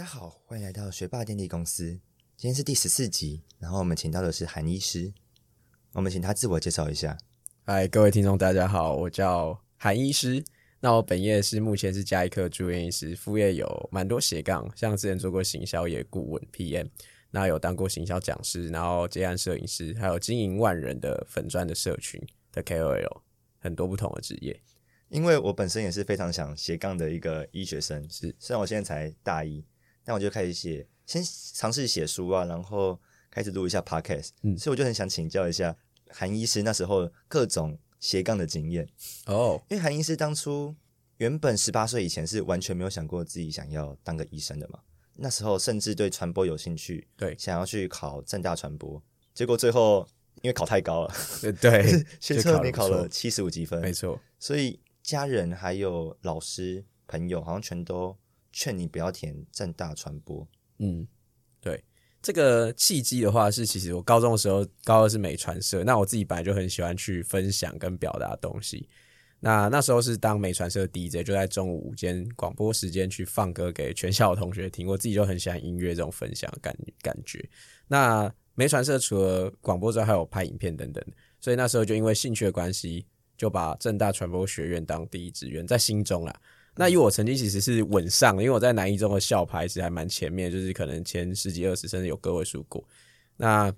大家好，歡迎來到學霸電力公司。今天是第十四集，然後我們請到的是韓醫師。我們請他自我介紹一下。嗨，各位聽眾，大家好，我叫韓醫師。那我本業是目前是家醫科住院醫師，副業有蠻多斜槓，像之前做過行銷業顧問、PM，那有當過行銷講師，然後接案攝影師，還有經營萬人的粉專的社群的 KOL，很多不同的職業。因為我本身也是非常想斜槓的一個醫學生，是雖然我現在才大一。那我就開始寫，先嘗試寫書啊，然後開始錄一下 podcast。嗯。所以我就很想請教一下韓醫師那時候各種斜槓的經驗哦。因為韓醫師當初原本十八歲以前是完全沒有想過自己想要當個醫生的嘛，那時候甚至對傳播有興趣，對，想要去考政大傳播，結果最後因為考太高了，對，對學測你考了七十五級分，錯沒錯，所以家人還有老師、朋友好像全都，勸你不要填政大傳播。嗯，對，這個契機的話是，其實我高中的時候，高二是美傳社，那我自己本來就很喜歡去分享跟表達東西。那那時候是當美傳社 DJ，就在中午午間廣播時間去放歌給全校的同學聽。我自己就很喜歡音樂這種分享感感覺。那美傳社除了廣播之外，還有拍影片等等。所以那時候就因為興趣的關係，就把政大傳播學院當第一志願在心中啦、啊。那因為我曾經其實是穩上的，因為我在南一中的校排其實還蠻前面，就是可能前十幾二十甚至有個位數過。那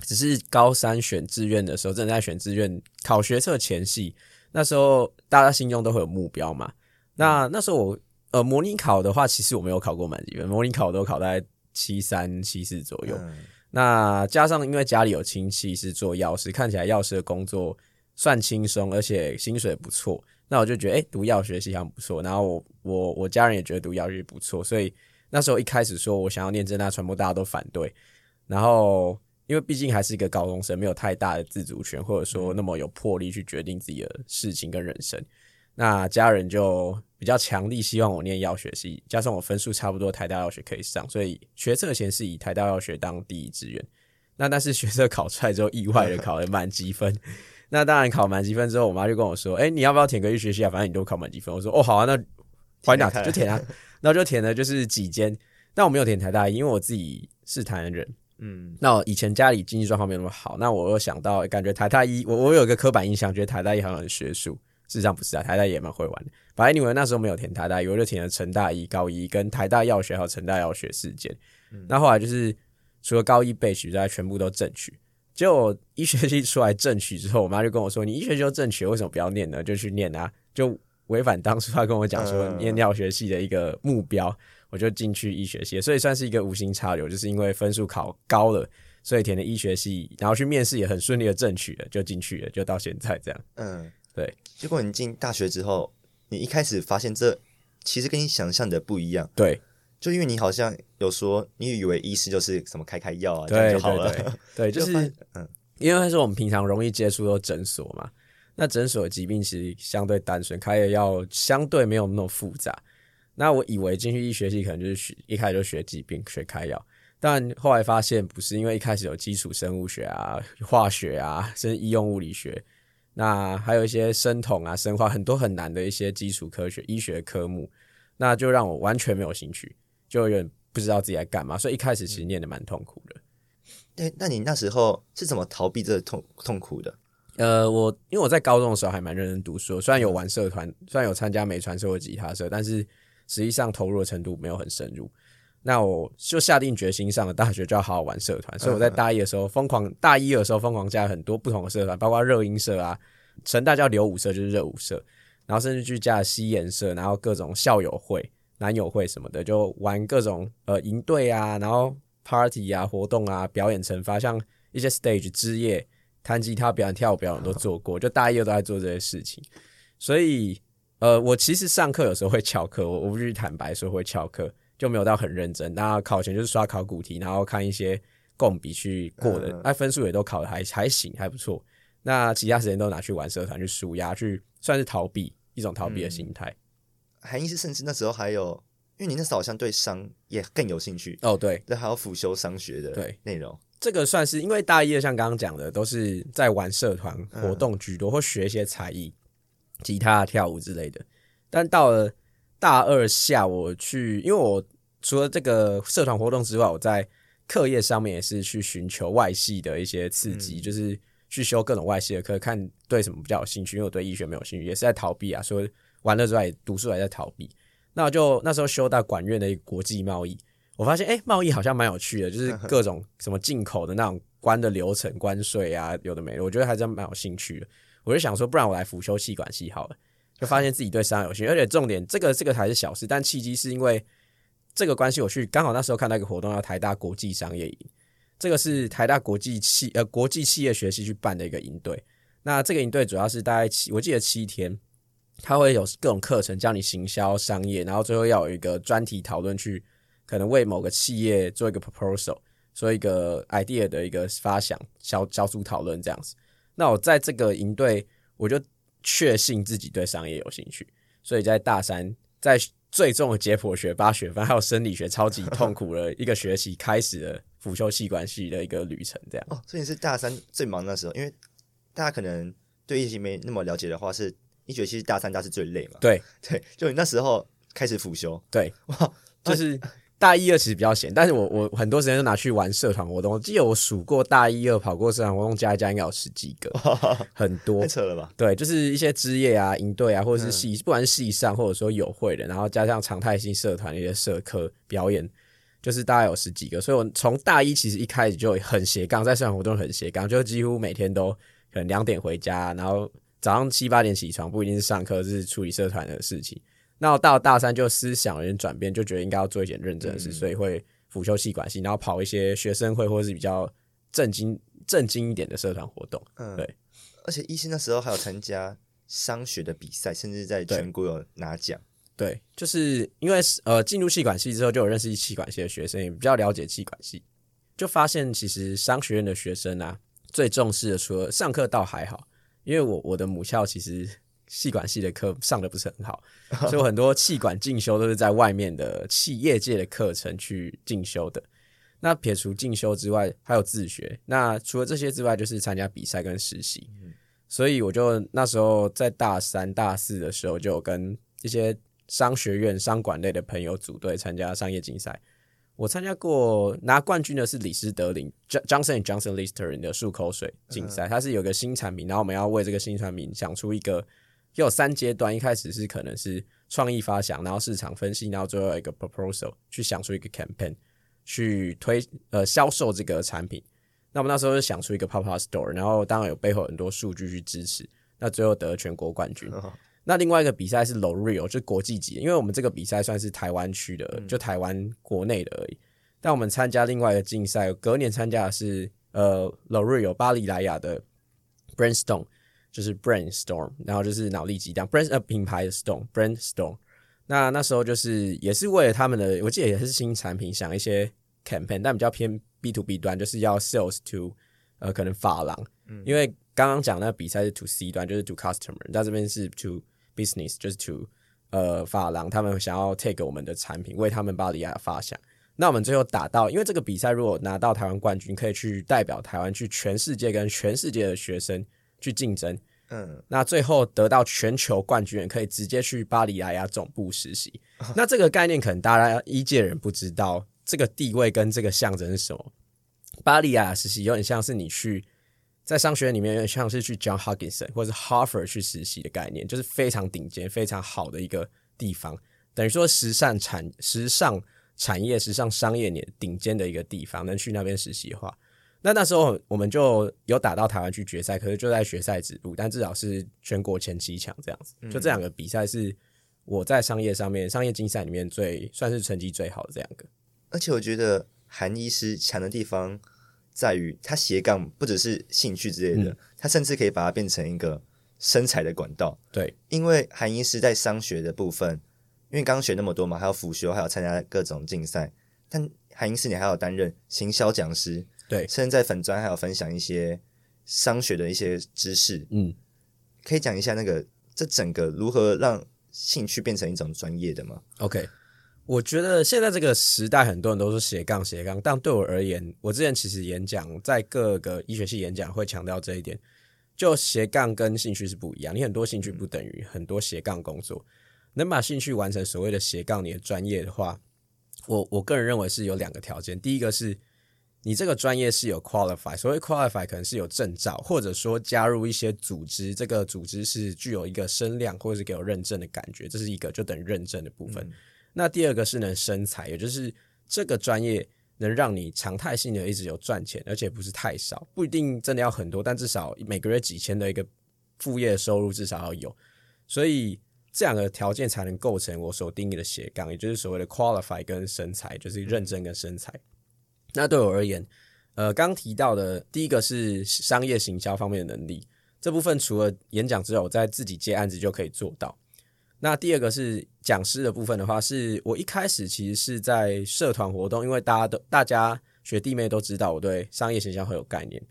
只是高三選志願的時候，正在選志願考學測前夕，那時候大家心中都會有目標嘛。那那時候我呃模擬考的話，其實我沒有考過滿級分，模擬考都考在七三七四左右。嗯、那加上因為家裡有親戚是做藥師，看起來藥師的工作算輕鬆，而且薪水不錯。那我就覺得，誒，讀藥學系好像不錯。然後我、我、我家人也覺得讀藥學不錯，所以那時候一開始說我想要念政大傳播，全部大家都反對。然後因為畢竟還是一個高中生，沒有太大的自主權，或者說那麼有魄力去決定自己的事情跟人生。嗯、那家人就比較強力希望我念藥學系，加上我分數差不多，台大藥學可以上，所以學測前是以台大藥學當第一志願。那但是學測考出來之後，意外的考了滿級分。 那當然考滿級分之後，我媽就跟我說：“誒、欸、你要不要填個醫學系啊？反正你都考滿級分。”我說：“哦，好啊，那填台就填啊。”那我就填了就是幾間，但我沒有填台大醫，因為我自己是台南人。嗯，那我以前家裡經濟狀況沒那麼好，那我又想到感覺台大醫，我我有一個刻板印象，覺得台大醫好像很學術，事實上不是啊，台大醫也蠻會玩的。反正你們那時候沒有填台大醫，我就填了成大醫、高醫跟台大藥學還有成大藥學四間。嗯，那後來就是除了高醫備取之外，全部都正取。就醫學系出來正取之後，我媽就跟我說：“你醫學就正取了，為什麼不要念呢？就去念啊！”就違反當初她跟我講說念藥學系的一個目標，嗯、我就進去醫學系了，所以算是一個無心插柳，就是因為分數考高了，所以填了醫學系，然後去面試也很順利的正取了，就進去了，就到現在這樣。嗯，對。結果你進大學之後，你一開始發現這其實跟你想象的不一樣。對。就因為你好像有說，你以為醫師就是什麼開開藥啊對對對就好了？對，就是嗯，因為是我們平常容易接觸到診所嘛。那診所的疾病其實相對單純，開的藥相對沒有那麼複雜。那我以為進去醫學系可能就是學，一開始就學疾病學開藥，但後來發現不是，因為一開始有基礎生物學啊、化學啊，甚至醫用物理學，那還有一些生統啊、生化，很多很難的一些基礎科學醫學科目，那就讓我完全沒有興趣。就有點不知道自己在幹嘛，所以一開始其實念得蠻痛苦的。對、欸，那你那時候是怎麼逃避這個痛痛苦的？呃，我因為我在高中的時候還蠻認真讀書，雖然有玩社團，嗯、雖然有參加美傳社、吉他的社，但是實際上投入的程度沒有很深入。那我就下定決心上了大學就要好好玩社團，所以我在大一的時候瘋、嗯嗯、狂，大一的時候瘋狂加很多不同的社團，包括熱音社啊，成大叫流舞社就是熱舞社，然後甚至去加了西研社，然後各種校友會。男友會什麼的，就玩各種呃營隊啊，然後 party 啊活動啊表演懲罰，像一些 stage 之夜彈吉他表演跳舞表演都做過，好就大一都在做這些事情。所以呃，我其實上課有時候會翹課，我,我不是坦白說會翹課，就沒有到很認真。那考前就是刷考古題，然後看一些共筆去過的，哎、呃呃，分數也都考得還還行，還不錯。那其他時間都拿去玩社團，去紓壓，去算是逃避一種逃避的心態。嗯含義是，甚至那時候還有，因為你那時候好像對商也更有興趣哦。對，那還有輔修商學的內對內容。這個算是因為大一，像剛剛講的，都是在玩社團活動居多，嗯、或學一些才藝，吉他、跳舞之類的。但到了大二下，我去，因為我除了這個社團活動之外，我在課業上面也是去尋求外系的一些刺激，嗯、就是去修各種外系的課，看對什麼比較有興趣。因為我對醫學沒有興趣，也是在逃避啊，所以。完了之後讀書還在逃避，那我就那時候修到管院的一個國際貿易，我發現誒，貿易好像蠻有趣的，就是各種什麼進口的那種關的流程、關稅啊，有的沒的，我覺得還真蠻有興趣的。我就想說，不然我來輔修企管系好了，就發現自己對商業有興趣，而且重點這個這個才是小事，但契機是因為這個關係，我去剛好那時候看到一個活動，叫台大國際商業營，這個是台大國際企呃、國際企業學系去辦的一個營隊，那這個營隊主要是大概七，我記得七天。他會有各種課程教你行銷商業，然後最後要有一個專題討論，去可能為某個企業做一個 proposal，做一個 idea 的一個發想，消小組討論這樣子。那我在這個營隊，我就確信自己對商業有興趣，所以在大三，在最重的解剖學、八學分，還有生理學超級痛苦的一個學期開始了輔修企管系的一個旅程，這樣。哦，所以你是大三最忙的時候，因為大家可能對醫學沒那麼了解的話是。你覺得其實大三大是最累嗎？對對，就你那時候開始輔修。對，哇就是大一、二其實比較閒，但是我我很多時間都拿去玩社團活動。我記得我數過大一、二跑過社團活動加一加，應該有十幾個，哈哈很多。太扯了吧？對，就是一些職業啊、營隊啊，或者是系，不然系上或者說友會的，然後加上常態性社團一些社科表演，就是大概有十幾個。所以我從大一其實一開始就很斜槓，在社團活動很斜槓，就幾乎每天都可能兩點回家，然後。早上七八點起床，不一定是上課，是處理社團的事情。那到大三就思想有點轉變，就覺得應該要做一點認真的事，嗯、所以會輔修企管系，然後跑一些學生會或者是比較正經、正經一點的社團活動。嗯，對。而且醫生那時候還有參加商學的比賽，甚至在全國有拿獎。對，就是因為呃進入企管系之後，就有認識企管系的學生，也比較了解企管系，就發現其實商學院的學生啊，最重視的除了上課，倒還好。因為我我的母校其實企管系的課上得不是很好，所以我很多企管進修都是在外面的企業界的課程去進修的。那撇除進修之外，還有自學。那除了這些之外，就是參加比賽跟實習。所以我就那時候在大三、大四的時候，就有跟一些商學院商管類的朋友組隊參加商業競賽。我參加過拿冠軍的，是李斯德林，Johnson Johnson Lister 的漱口水競賽。嗯、它是有一個新產品，然後我們要為這個新產品想出一個，有三階段，一開始是可能是創意發想，然後市場分析，然後最後一個 proposal 去想出一個 campaign 去推呃銷售這個產品。那我們那時候就想出一個 pop up store，然後當然有背後有很多數據去支持，那最後得了全國冠軍。哦那另外一個比賽是 Loreal，就國際級，因為我們這個比賽算是台灣區的，嗯、就台灣國內的而已。但我們參加另外一個競賽，隔年參加的是呃 Loreal 巴黎萊雅的 Brainstorm，就是 Brainstorm，然後就是腦力激盪 Brain 呃品牌的 Storm Brainstorm。那那時候就是也是為了他們的，我記得也是新產品，想一些 campaign，但比較偏 B to B 端，就是要 sales to 呃可能髮廊，嗯、因為剛剛講那個比賽是 to C 端，就是 to customer，那這邊是 to Business 就是 to，呃，法郎他們想要 take 我們的產品為他們巴黎萊雅發想，那我們最後打到，因為這個比賽如果拿到台灣冠軍，可以去代表台灣去全世界跟全世界的學生去競爭，嗯，那最後得到全球冠軍，可以直接去巴黎萊雅亞總部實習。啊、那這個概念可能大家一屆人不知道這個地位跟這個象徵是什麼。巴黎萊雅實習有點像是你去。在商學院裡面，有點像是去 John Hopkinson 或者是 Harvard 去實習的概念，就是非常頂尖、非常好的一個地方。等於說，時尚產、時尚產業、時尚商業裡頂尖的一個地方，能去那邊實習的話，那那時候我們就有打到台灣去決賽，可是就在決賽止步，但至少是全國前七強這樣子。就這兩個比賽是我在商業上面、商業競賽裡面最算是成績最好的這兩個。而且我覺得韓醫師強的地方，在於它斜槓不只是興趣之類的，它、嗯、甚至可以把它變成一個生財的管道。對，因為韓醫師在商學的部分，因為剛學那麼多嘛，還有輔修，還有參加各種競賽。但韓醫師，你還有擔任行銷講師，對，甚至在粉專還有分享一些商學的一些知識。嗯，可以講一下那個這整個如何讓興趣變成一種專業的嗎？OK。我覺得現在這個時代，很多人都說斜槓斜槓，但對我而言，我之前其實演講在各個醫學系演講會強調這一點。就斜槓跟興趣是不一樣，你很多興趣不等於很多斜槓工作。能把興趣完成所謂的斜槓你的專業的話，我我個人認為是有兩個條件。第一個是你這個專業是有 qualify，所謂 qualify 可能是有證照，或者說加入一些組織，這個組織是具有一個聲量，或者是給我認證的感覺，這是一個就等於認證的部分。嗯那第二個是能生財，也就是這個專業能讓你常態性的一直有賺錢，而且不是太少，不一定真的要很多，但至少每個月幾千的一個副業收入至少要有。所以這兩個條件才能構成我所定義的斜槓，也就是所謂的 qualify 跟生財，就是認證跟生財。那對我而言，呃，剛提到的第一個是商業行銷方面的能力，這部分除了演講之外，我在自己接案子就可以做到。那第二個是講師的部分的話，是我一開始其實是在社團活動，因為大家都大家學弟妹都知道我對商業行銷很有概念，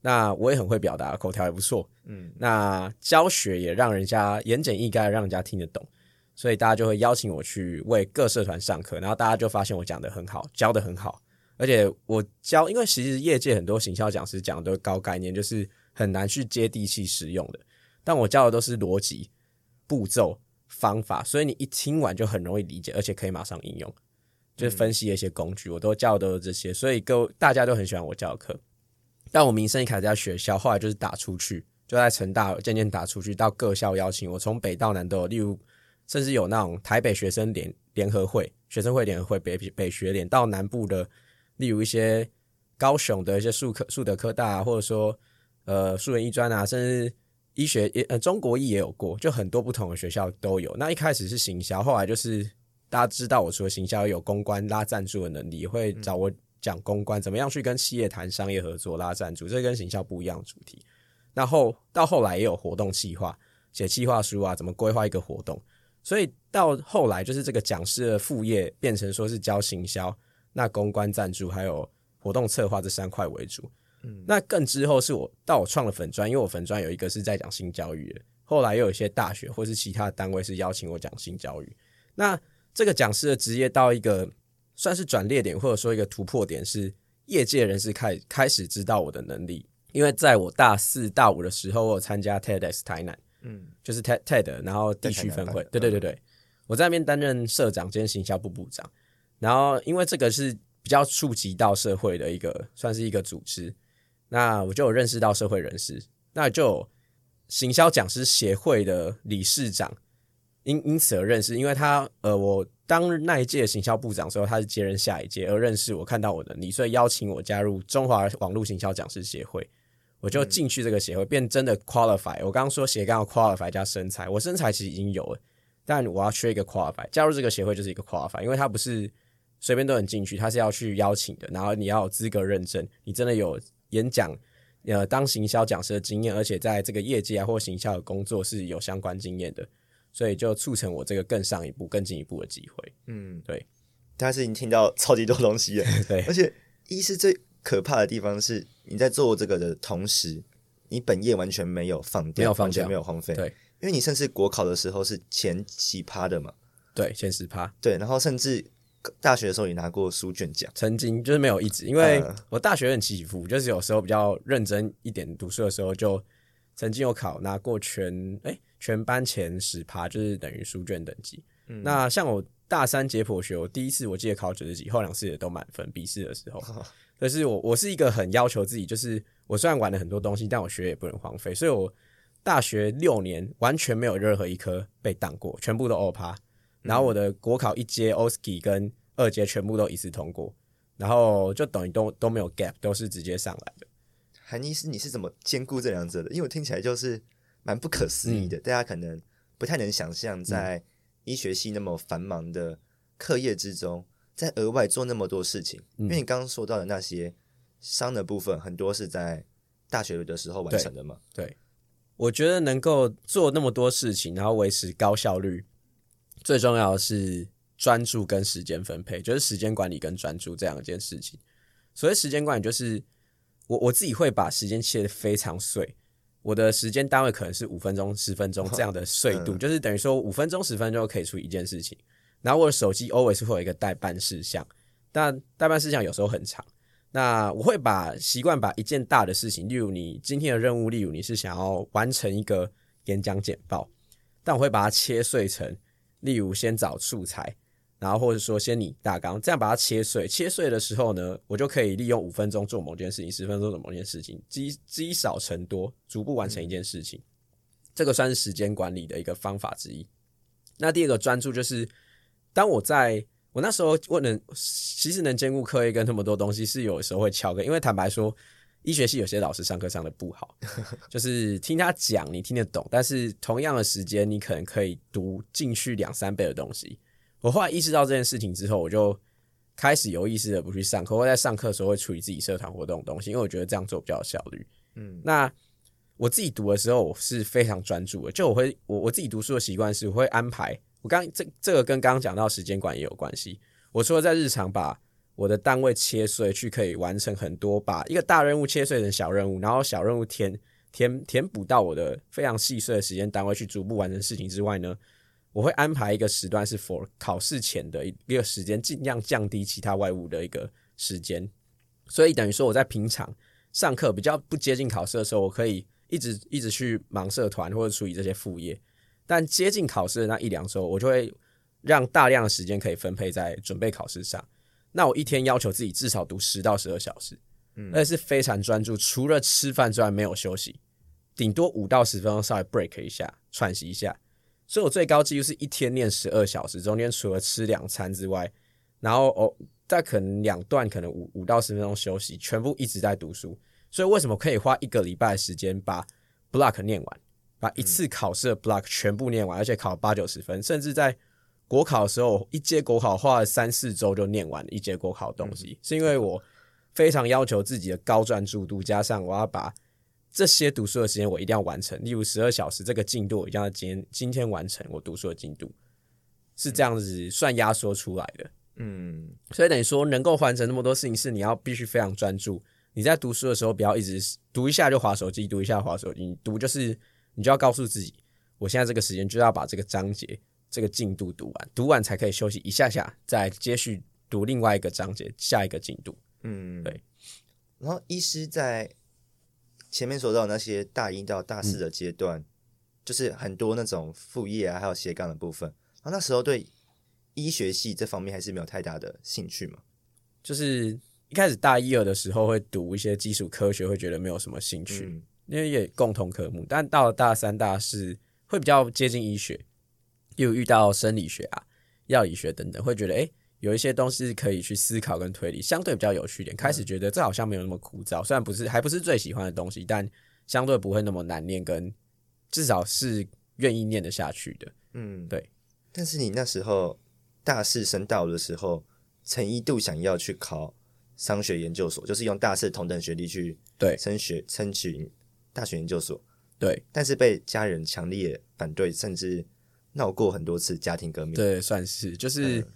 那我也很會表達，口條也不錯，嗯，那教學也讓人家言簡意賅，讓人家聽得懂，所以大家就會邀請我去為各社團上課，然後大家就發現我講得很好，教得很好，而且我教，因為其實業界很多行銷講師講的都是高概念，就是很難去接地氣實用的，但我教的都是邏輯步驟。方法，所以你一聽完就很容易理解，而且可以馬上應用。就是分析一些工具，嗯、我都教的這些，所以各位大家都很喜歡我教的課。但我名聲一開始在學校，後來就是打出去，就在成大漸漸打出去，到各校邀請我，從北到南都有。例如，甚至有那種台北學生聯聯合會、學生會聯合會、北北學聯，到南部的，例如一些高雄的一些樹科、樹德科大啊，或者說呃樹人醫專啊，甚至。醫學也呃，中國醫也有過，就很多不同的學校都有。那一開始是行銷，後來就是大家知道我除了行銷有公關拉贊助的能力，會找我講公關怎麼樣去跟企業談商業合作拉贊助，這跟行銷不一樣的主題。那後到後來也有活動企劃，寫企劃書啊，怎麼規劃一個活動。所以到後來就是這個講師的副業變成說是教行銷，那公關贊助還有活動策劃這三塊為主。那更之後是我到我創了粉專，因為我粉專有一個是在講性教育的，後來又有一些大學或是其他單位是邀請我講性教育。那這個講師的職業到一個算是轉捩點，或者說一個突破點是，是業界人士開始開始知道我的能力。因為在我大四大五的時候，我有參加 TEDx 台南，嗯，就是 TED TED，然後地區分會，對對對對，嗯、我在那邊擔任社長兼行銷部部長，然後因為這個是比較觸及到社會的一個，算是一個組織。那我就有認識到社會人士，那就有行銷講師協會的理事長，因因此而認識，因為他呃，我當那一屆行銷部長的時候，他是接任下一屆而認識我，看到我的你，所以邀請我加入中華網絡行銷講師協會，我就進去這個協會，變真的 qualify。我剛剛說斜槓要 qualify 加生財，我生財其實已經有了，但我要缺一個 qualify。加入這個協會就是一個 qualify，因為他不是隨便都能進去，他是要去邀請的，然後你要有資格認證，你真的有。演講，呃，當行銷講師的經驗，而且在這個業界啊或行銷的工作是有相關經驗的，所以就促成我這個更上一步、更進一步的機會。嗯，對。但是你聽到超級多東西了， 對。而且一是最可怕的地方是，你在做這個的同時，你本業完全沒有放電，沒有放掉，完全沒有荒廢。對，因為你甚至國考的時候是前幾趴的嘛。對，前十趴。對，然後甚至。大學的時候也拿過書卷獎，曾經就是沒有一直，因為我大學很起伏，就是有時候比較認真一點讀書的時候，就曾經有考拿過全哎、欸、全班前十趴，就是等於書卷等級。嗯、那像我大三解剖學，我第一次我記得考九十幾，後兩次也都滿分。筆試的時候，啊、但是我我是一個很要求自己，就是我雖然玩了很多東西，但我學也不能荒廢，所以我大學六年完全沒有任何一科被當過，全部都歐趴。然後我的國考一階 OSKI 跟二階全部都一次通過，然後就等於都都沒有 gap，都是直接上來的。韓醫師，你是怎麼兼顧這兩者的？因為我聽起來就是蠻不可思議的，嗯、大家可能不太能想象，在醫學系那麼繁忙的課業之中，嗯、在額外做那麼多事情。嗯、因為你剛剛說到的那些商的部分，很多是在大學的時候完成的嘛。對，對，我覺得能夠做那麼多事情，然後維持高效率。最重要的是專注跟時間分配，就是時間管理跟專注這樣一件事情。所以時間管理，就是我我自己會把時間切得非常碎，我的時間單位可能是五分鐘、十分鐘這樣的碎度，oh, 就是等於說五分鐘、十分鐘可以出一件事情。然後我的手機 always 會有一個代辦事項，但代辦事項有時候很長，那我會把習慣把一件大的事情，例如你今天的任務，例如你是想要完成一個演講簡報，但我會把它切碎成例如先找素材，然後或者說先擬大綱，這樣把它切碎。切碎的時候呢，我就可以利用五分鐘做某件事情，十分鐘做某件事情，積積少成多，逐步完成一件事情。嗯、這個算是時間管理的一個方法之一。那第二個專注就是，當我在我那時候我能，其實能兼顧課業跟那麼多東西，是有的時候會翹課，因為坦白說。醫學系有些老師上課上的不好，就是聽他講你聽得懂，但是同樣的時間你可能可以讀進去兩三倍的東西。我後來意識到這件事情之後，我就開始有意識的不去上課，我在上課的時候會處理自己社團活動的東西，因為我覺得這樣做比較有效率。嗯，那我自己讀的時候我是非常專注的，就我會我我自己讀書的習慣是我會安排，我剛這這個跟剛剛講到時間管也有關係。我除了在日常把。我的單位切碎去可以完成很多，把一個大任務切碎成小任務，然後小任務填填填補到我的非常細碎的時間單位去逐步完成事情之外呢，我會安排一個時段是 for 考試前的一個時間，盡量降低其他外務的一個時間。所以等於說我在平常上課比較不接近考試的時候，我可以一直一直去忙社團或者處理這些副業，但接近考試的那一兩周，我就會讓大量的時間可以分配在準備考試上。那我一天要求自己至少讀十到十二小時，嗯，那是非常專注，除了吃飯之外沒有休息，頂多五到十分鐘稍微 break 一下，喘息一下。所以我最高紀錄是一天念十二小時，中間除了吃兩餐之外，然後哦，再可能兩段可能五五到十分鐘休息，全部一直在讀書。所以為什麼可以花一個禮拜的時間把 block 念完，把一次考試的 block 全部念完，而且考八九十分，甚至在。國考的時候，一階國考花了三四周就念完一階國考的東西，嗯、是因為我非常要求自己的高專注度，加上我要把這些讀書的時間我一定要完成。例如十二小時這個進度，我一定要今天今天完成。我讀書的進度是這樣子算壓縮出來的。嗯，所以等於說能夠完成那麼多事情，是你要必須非常專注。你在讀書的時候，不要一直讀一下就滑手機，讀一下滑手機。讀就是你就要告訴自己，我現在這個時間就要把這個章節。這個進度讀完，讀完才可以休息一下下，再接續讀另外一個章節，下一個進度。嗯，對。然後，醫師在前面說到的那些大一到大四的階段，嗯、就是很多那種副業啊，還有斜槓的部分。那時候對醫學系這方面還是沒有太大的興趣嗎？就是一開始大一、二的時候會讀一些基礎科學，會覺得沒有什麼興趣，嗯、因為也共同科目。但到了大三、大四，會比較接近醫學。又遇到生理學啊、藥理學等等，會覺得誒，有一些東西可以去思考跟推理，相對比較有趣點。開始覺得這好像沒有那麼枯燥，雖然不是還不是最喜歡的東西，但相對不會那麼難念跟，跟至少是願意念得下去的。嗯，對。但是你那時候大四升大五的時候，曾一度想要去考商學研究所，就是用大四同等學歷去對升學申請對大學研究所。對，但是被家人強烈反對，甚至。那我過很多次家庭革命，對，算是就是、嗯、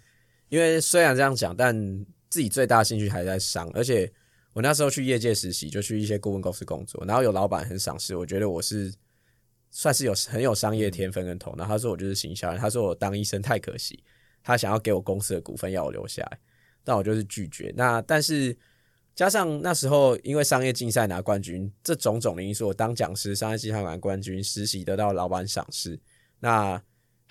因為雖然這樣講，但自己最大興趣還在商，而且我那時候去業界實習，就去一些顧問公司工作，然後有老板很賞識，我覺得我是算是有很有商業的天分跟頭腦，嗯、然後他說我就是行銷人，他說我當醫生太可惜，他想要給我公司的股份要我留下來，但我就是拒絕。那但是加上那時候因為商業競賽拿冠軍，這種種的因素，我當講師、商業競賽拿冠軍，實習得到老板賞識，那。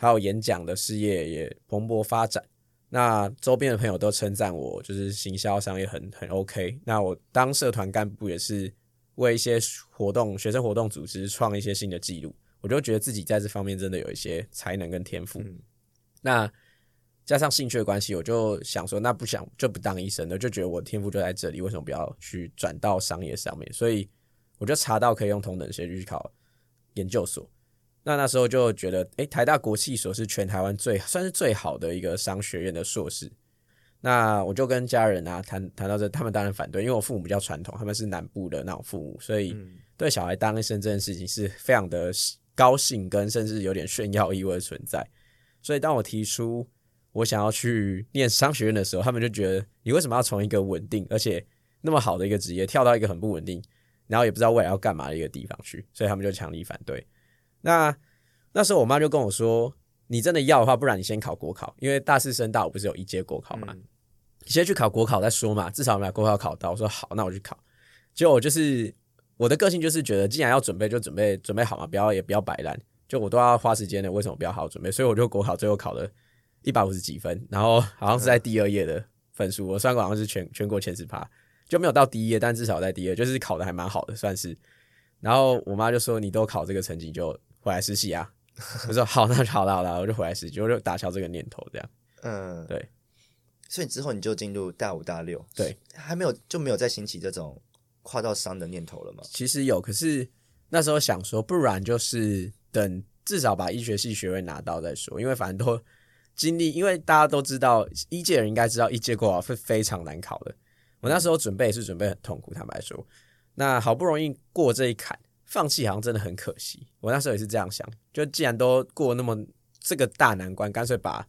還有演講的事業也蓬勃發展，那週邊的朋友都稱讚我，就是行銷商業很很 OK。那我當社團幹部也是為一些活動、學生活動組織創一些新的記錄，我就覺得自己在這方面真的有一些才能跟天賦。嗯、那加上興趣的關係，我就想說，那不想就不當醫生了，就覺得我的天賦就在這裡，為什麼不要去轉到商業上面？所以我就查到可以用同等學歷去考研究所。那那時候就覺得，誒、欸，台大國際所是全台灣最算是最好的一個商學院的碩士。那我就跟家人啊談談到這，他們當然反對，因為我父母比較傳統，他們是南部的那種父母，所以對小孩當醫生這件事情是非常的高興，跟甚至有點炫耀意味存在。所以當我提出我想要去念商學院的時候，他們就覺得，你為什麼要從一個穩定而且那麼好的一個職業，跳到一個很不穩定，然後也不知道未來要幹嘛的一個地方去？所以他們就強力反對。那那時候，我媽就跟我說：“你真的要的話，不然你先考國考，因為大四升大五不是有一階國考嘛，嗯、先去考國考再說嘛，至少我們倆國考考到。”我說：“好，那我去考。”就我就是我的個性就是覺得，既然要準備，就準備準備好嘛，不要也不要擺爛。就我都要花時間的，為什麼不要好好準備？所以我就國考，最後考了一百五十幾分，然後好像是在第二頁的分數，嗯、我算過好像是全全國前十趴，就沒有到第一頁，但至少在第二，就是考的還蠻好的，算是。然後我媽就說：“你都考這個成績就。”回來實習啊！我說好，那就好了好了，我就回來實習，我就打消這個念頭，這樣。嗯，對。所以之後你就進入大五大六，對，還沒有就沒有再興起這種跨到商的念頭了嗎？其實有，可是那時候想說，不然就是等至少把醫學系學位拿到再說，因為反正都經歷，因為大家都知道，醫界人應該知道，一階過了是非常難考的。我那時候準備也是準備很痛苦，坦白說，那好不容易過這一坎。放棄好像真的很可惜，我那時候也是這樣想。就既然都過那麼這個大難關，乾脆把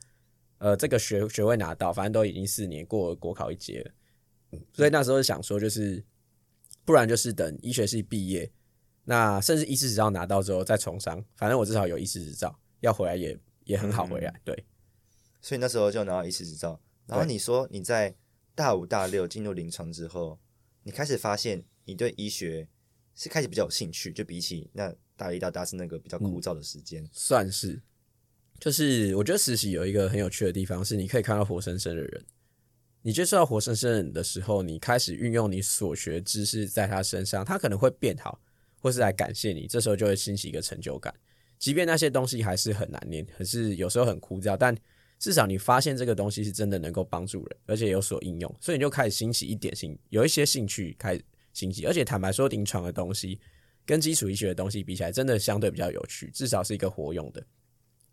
呃這個學學位拿到，反正都已經四年過了國考一階了，所以那時候想說就是，不然就是等醫學系畢業，那甚至醫師執照拿到之後再從商，反正我至少有醫師執照，要回來也也很好回來。嗯、對，所以那時候就拿到醫師執照。然後你說你在大五大六進入臨床之後，對你開始發現你對醫學。是開始比較有興趣，就比起那大一到大四是那個比較枯燥的時間、嗯，算是。就是我覺得實習有一個很有趣的地方，是你可以看到活生生的人。你接觸到活生生的人的時候，你開始運用你所學知識在他身上，他可能會變好，或是來感謝你。這時候就會興起一個成就感，即便那些東西還是很難念，可是有時候很枯燥，但至少你發現這個東西是真的能夠幫助人，而且有所應用，所以你就開始興起一點興，有一些興趣開始。信息，而且坦白說，臨床的東西跟基礎醫學的東西比起來，真的相對比較有趣，至少是一個活用的、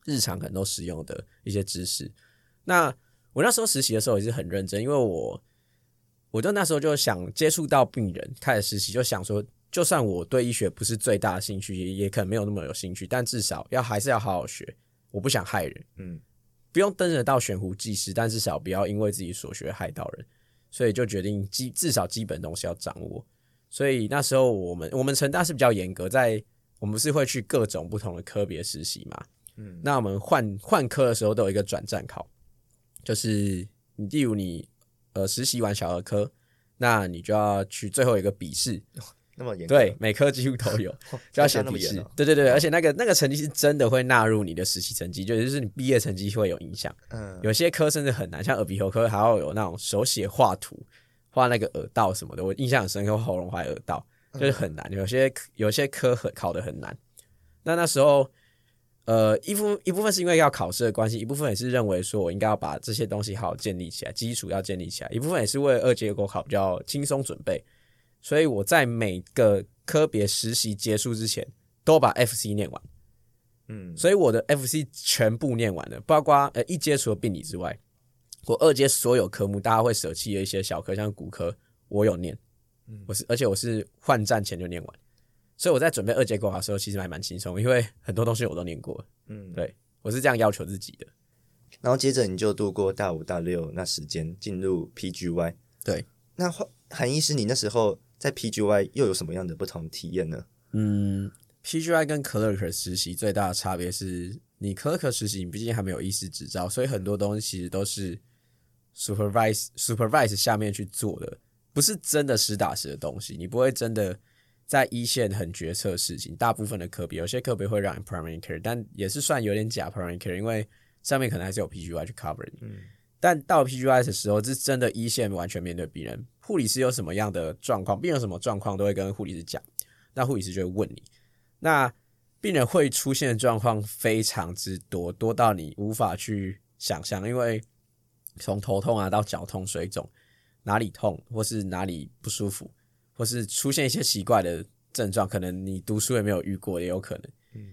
日常可能都使用的、一些知識。那我那時候實習的時候也是很認真，因為我，我就那時候就想接觸到病人，開始實習就想說，就算我對醫學不是最大的興趣，也也可能沒有那麼有興趣，但至少要還是要好好學，我不想害人。嗯，不用登人到懸壺濟世，但至少不要因為自己所學害到人。所以就決定基至少基本東西要掌握，所以那時候我們我們成大是比較嚴格，在我們不是會去各種不同的科別實習嘛，嗯，那我們換換科的時候都有一個轉站考，就是你例如你呃實習完小兒科，那你就要去最後一個筆試。那麼嚴對，每科幾乎都有， 就要先筆試。對對對，而且那個那個成績是真的會納入你的實習成績，就是你畢業成績會有影響。嗯，有些科甚至很難，像耳鼻喉科還要有那種手寫畫圖，畫那個耳道什麼的。我印象很深刻，喉嚨還有耳道就是很難。有些有些科考得很難。那那時候，呃，一部一部分是因為要考試的關係，一部分也是認為說我應該要把這些東西好,好建立起來，基礎要建立起來。一部分也是為了二階的國考比較輕鬆準備。所以我在每個科別實習結束之前，都把 F C 念完，嗯，所以我的 F C 全部念完了，包括呃一階除了病理之外，我二階所有科目，大家會捨棄的一些小科，像骨科，我有念，我是而且我是換站前就念完，所以我在準備二階國考的時候，其實還蠻輕鬆，因為很多東西我都念過，嗯，對我是這樣要求自己的。然後接着你就度過大五、大六那時間，進入 P G Y，對，那換，韓醫師，你那時候。在 PGY 又有什麼樣的不同的體驗呢？嗯，PGY 跟 c l i r i c 實習最大的差別是，你 c l i r i c 實習畢竟還沒有醫師執照，所以很多東西都是 Supervise Supervise 下面去做的，不是真的實打實的東西。你不會真的在一線很決策的事情，大部分的科比有些科比會讓 Primary Care，但也是算有點假 Primary Care，因為上面可能還是有 PGY 去 cover。你。嗯、但到 PGY 的時候，是真的一線完全面對別人。護理師有什麼樣的狀況，病人什麼狀況都會跟護理師講，那護理師就會問你。那病人會出現的狀況非常之多，多到你無法去想象，因為從頭痛啊到腳痛、水腫，哪裡痛或是哪裡不舒服，或是出現一些奇怪的症狀，可能你讀書也沒有遇過，也有可能，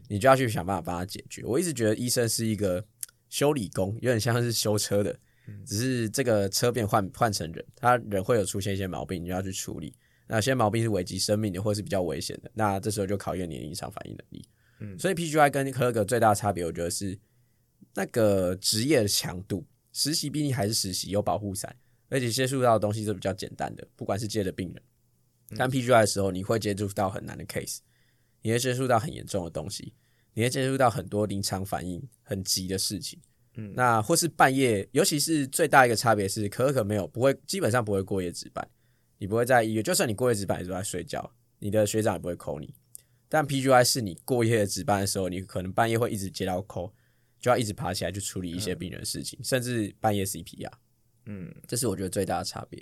你就要去想辦法幫他解決。我一直覺得醫生是一個修理工，有點像是修車的。只是這個車變換換成人，他人會有出現一些毛病，你就要去處理。那有些毛病是危及生命的，或是比較危險的。那這時候就考驗你的臨場反應能力。嗯，所以 PGY 跟 clerk 最大的差別，我覺得是那個職業的強度。實習畢竟還是實習，有保護傘，而且接觸到的東西是比較簡單的。不管是接的病人，但、嗯、PGY 的時候，你會接觸到很難的 case，你會接觸到很嚴重的東西，你會接觸到很多臨場反應很急的事情。嗯，那或是半夜，尤其是最大一個差別是，可可沒有不會，基本上不會過夜值班，你不會在醫院，就算你過夜值班，你都在睡覺，你的學長也不會 call 你。但 PGY 是你過夜值班的時候，你可能半夜會一直接到 call，就要一直爬起來去處理一些病人的事情，嗯、甚至半夜 CPR。嗯，這是我覺得最大的差別，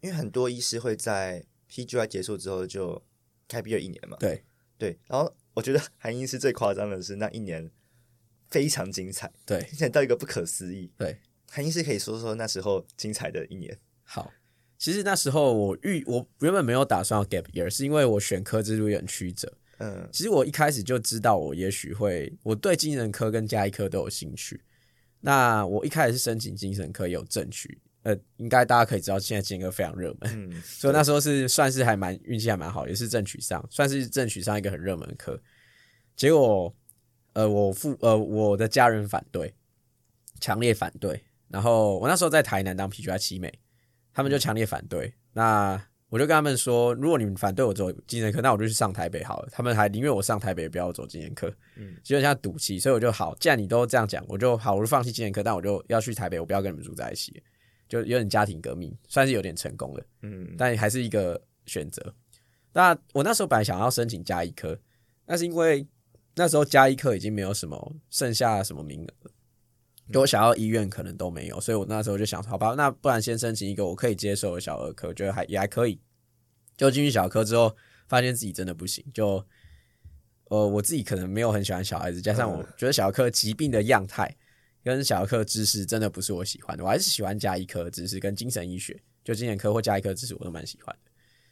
因為很多醫師會在 PGY 結束之後就開畢了，一年嘛。對對，然後我覺得韓醫師最誇張的是那一年。非常精彩，對，精彩到一個不可思議，對。韓醫師是可以說說那時候精彩的一年。好，其實那時候我預，我原本沒有打算要 gap year，是因為我選科之路也很曲折。嗯，其實我一開始就知道我也許會，我對精神科跟家醫科都有興趣。那我一開始是申請精神科有正取，呃，應該大家可以知道，現在精神科非常熱門，嗯、所以那時候是算是還蠻運氣還蠻好，也是正取上，算是正取上一個很熱門的科。結果。呃，我父，呃，我的家人反對，強烈反對。然後我那時候在台南當 PGY 在奇美，他們就強烈反對。那我就跟他們說，如果你們反對我做精神科，那我就去上台北好了。他們還寧願我上台北，不要我走精神科。嗯，就像賭氣，所以我就好，既然你都這樣講，我就好，我就放棄精神科，但我就要去台北，我不要跟你們住在一起，就有點家庭革命，算是有點成功了。嗯，但還是一個選擇。那我那時候本來想要申請家醫科，那是因為。那時候家醫科已經沒有什麼剩下什麼名額了，就我想要醫院可能都沒有，嗯、所以我那時候就想說，好吧，那不然先申請一個我可以接受的小兒科，我覺得還也還可以。就進去小兒科之後，發現自己真的不行，就呃我自己可能沒有很喜歡小孩子，加上我覺得小兒科疾病的樣態跟小兒科知識真的不是我喜歡的，我還是喜歡家醫科知識跟精神醫學，就精神科或家醫科知識我都蠻喜歡的，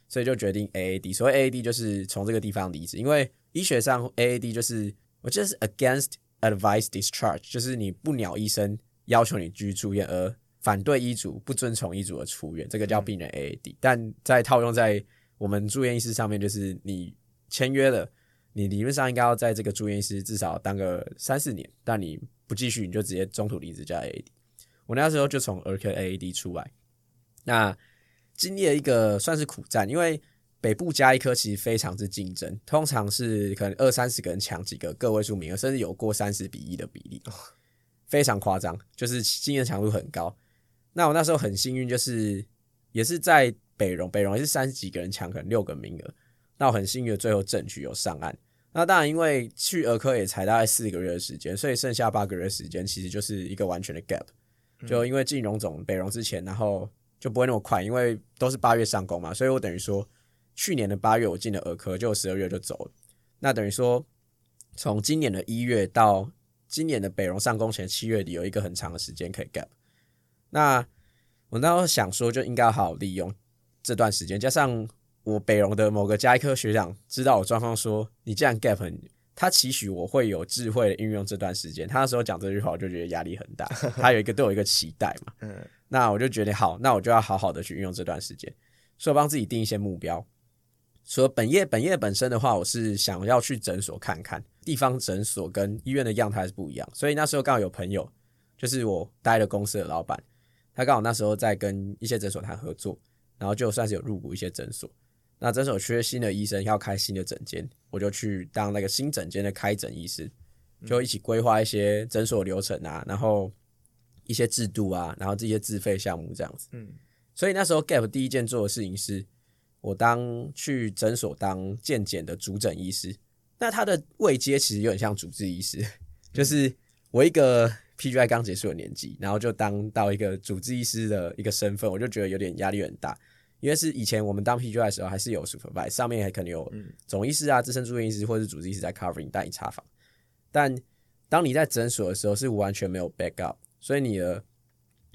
所以就決定 A A D，所以 A A D 就是從這個地方離職，因為。醫學上 AAD 就是，我就是 against advice discharge，就是你不鳥醫生，要求你繼續住院而反對醫囑，不遵從醫囑而出院，這個叫病人 AAD。但在套用在我們住院醫師上面，就是你簽約了，你理論上應該要在這個住院醫師至少當個三四年，但你不繼續，你就直接中途離職叫 AAD。我那時候就從兒科 AAD 出來，那經歷了一個算是苦戰，因為。北部加一科其實非常之競爭，通常是可能二三十個人搶幾個個位數名額，甚至有過三十比一的比例，非常誇張，就是經驗強度很高。那我那時候很幸運，就是也是在北榮，北榮也是三十幾個人搶可能六個名額，那我很幸運最後爭取有上岸。那當然，因為去兒科也才大概四個月的時間，所以剩下八個月的時間其實就是一個完全的 gap。就因為進榮總、北榮之前，然後就不會那麼快，因為都是八月上工嘛，所以我等於說。去年的八月我進了兒科，就十二月就走了。那等於說，從今年的一月到今年的北榮上工前七月底，有一個很長的時間可以 gap。那我那時候想說，就應該好好利用這段時間。加上我北榮的某個家醫科學長知道我狀況說，說你既然 gap 很，他期許我會有智慧的運用這段時間。他那時候講這句話，我就覺得壓力很大。他有一個對我一個期待嘛。嗯。 那我就覺得好，那我就要好好的去運用這段時間，所以幫自己定一些目標。說本業本業本身的話，我是想要去診所看看，地方診所跟醫院的樣態是不一樣。所以那時候剛好有朋友，就是我待的公司的老闆，他剛好那時候在跟一些診所談合作，然後就算是有入股一些診所。那診所缺新的醫生，要開新的診間，我就去當那個新診間的開診醫師，就一起規劃一些診所流程啊，然後一些制度啊，然後這些自費項目這樣子。嗯，所以那時候 Gap 第一件做的事情是，我當去診所當健檢的主診醫師，那他的位階其實有點像主治醫師，就是我一個 PGY 剛結束的年紀，然後就當到一個主治醫師的一個身份，我就覺得有點壓力很大，因為是以前我們當 PGY 的時候還是有 supervise，上面還可能有總醫師啊、資深住院醫師或者主治醫師在 covering 帶你查房，但當你在診所的時候是完全沒有 backup，所以你的